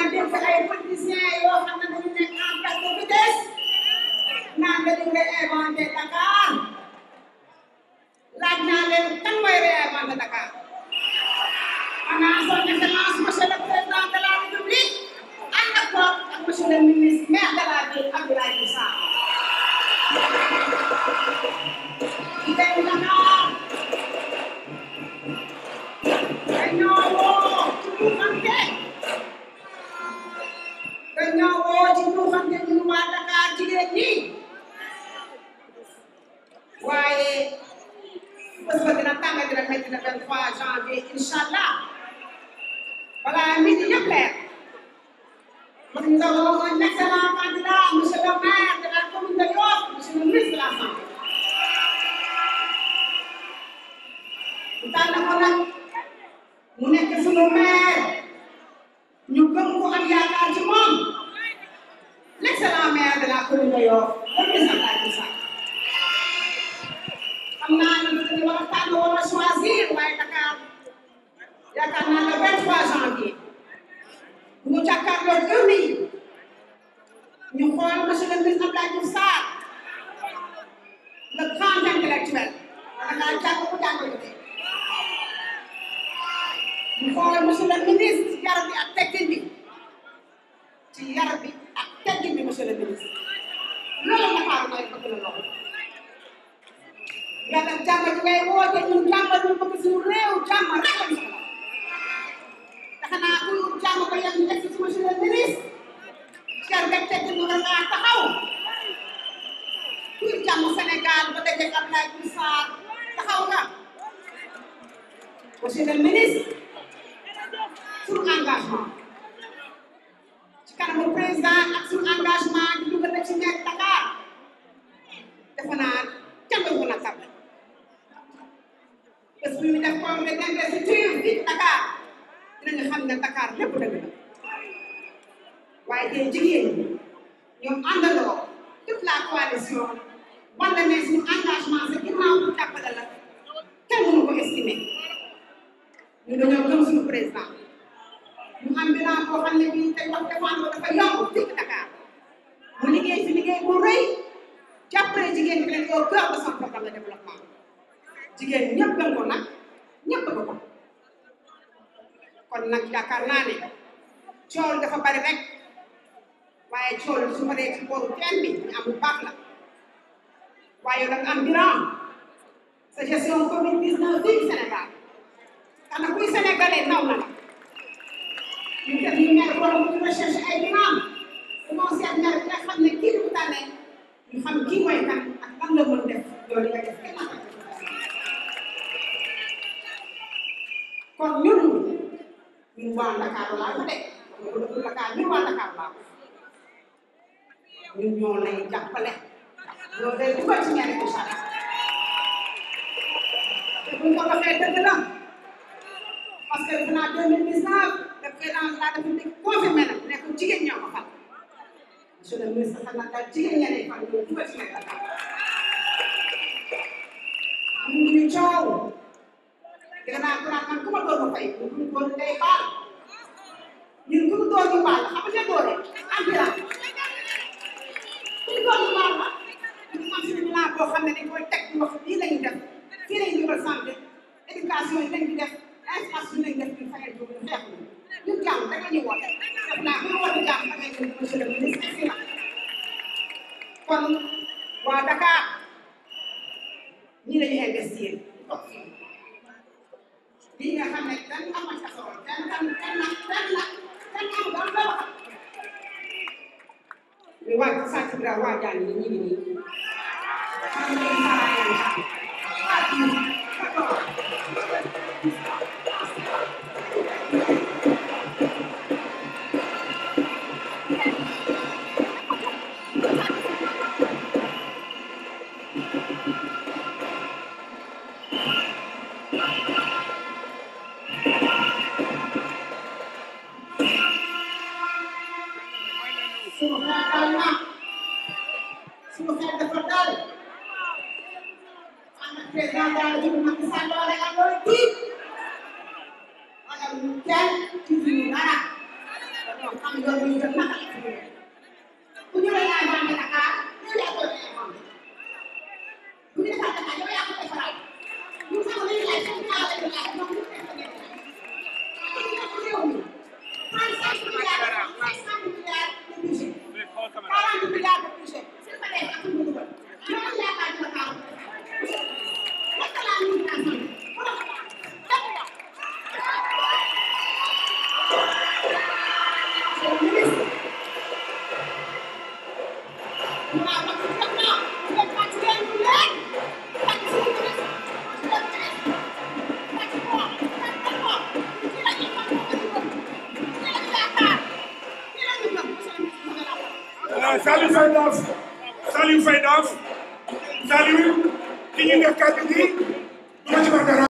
maa dégg ay politiciens yoo xam ne dañu nekk en perte de vitesse naan dañu réinventé Dakar laaj naa leen kan mooy réinventé Dakar xanaa son excellence monsieur le président de la république ànd ak ak monsieur le ministre 3 janvier incha allah balaa midi yëpp leer man nous avons un excellent candidat monsieur le maire de la commune de Yoff monsieur le ministre de la santé. ñu tànn ko nag mu nekk sunu maire ñu gëm ko am yaakaar ci moom l' excellent maire de la commune de Yoff le président Aliou Sall. doon tànn choisir waaye Dakar yaakaar naa le janvier ñu jàkkaarloo gëm yi ñu xool monsieur ministre Abdoulaye Diouf Sarr le grand intellectuel dangaa jàng ku jàngale ñu ministre yar bi ak teggin bi ci yar yàlla jàmm ji ngay woote ñun jàmm ñu bëgg suñu réew jàmm rek lañ soxla tax naa bu jàmm ba yem ñu egsi ci monsieur le ministre cher Mbette Diouf war naa taxaw kuy jàmm Sénégal ba dajeeg Abdoulaye Diouf Sarr taxaw nga monsieur le ministre suñu engagement ci kanamu président ak suñu engagement di dugal na ci nekk nañu xam ne Dakar lépp dëgg la waaye tey jigéen ñi ñu àndaloo toute la coalition wala ne suñu engagement sa ginnaaw bu jàppale la kenn mënu ko estimer ñu dañoo gëm suñu président ñu am bilan boo xam ne bii tey wax défendre dafa yomb fii Dakar mu liggéey fi liggéey bu rëy jàppale jigéen ñi leen yow cœur de son programme de développement jigéen ñëpp gën ko nag ñëpp ko ko. kon nag yaakaar naa ne coow dafa bari rek waaye coow su ma dee ci bi am lu la waaye nag am bilan sa gestion covid 19 fii Sénégal kana kuy sénégalais naw na la ñu def ñu mer wala ñu ay bilan su ma seet mer bi nga ne kii lu tànnee ñu xam kii mooy kan ak lan la def loolu nga waa Ndakaaru laa ko de ko dëkk Ndakaar ñun waa Ndakaar laa ko ñun ñoo lay jàppale loolu day dugal ci ñaari cosaan te buñ ko waxee dëgg la parce que defe naa deux mille dix neuf def présidence laa dafa nekk confirmé na nekk jigéen ñoo ko fal monsieur le ministre xam naa daal jigéen ña lay fal ñoo dugal ci ñaari cosaan ñu ngi coow gannaaw gannaaw man ku ma doon fay ñu ngi doon day baal ñun bu ñu doon ñu baal xam nga doole engrais bu ñu doon ñu baal la ñu am suñu bilan boo xam ne dañ koy teg ñu wax lii la ñu def fii la ñu dugal santé éducation yi la ñu def information yi la ñu def ñu fayal ñu xeex ñu jàng da nga ñu woote def naa bu ñu woote jàng da ngay jël monsieur le ministre si la kon waa Dakar ñii la ñu investir lii nga xam ne dañ amal taxawal dañ dañ dañ nag dañ nag mais waa Sadio Dibra waa Diané ñu ngi président de la République Macky Sall loo ragal loolu tiit ragal ñu kenn ci dara xam loolu ñu jot na Saliou Faye Daaf Saliou Faye Daaf Saliou ki ñu def kàddu gi du ma ci wax dara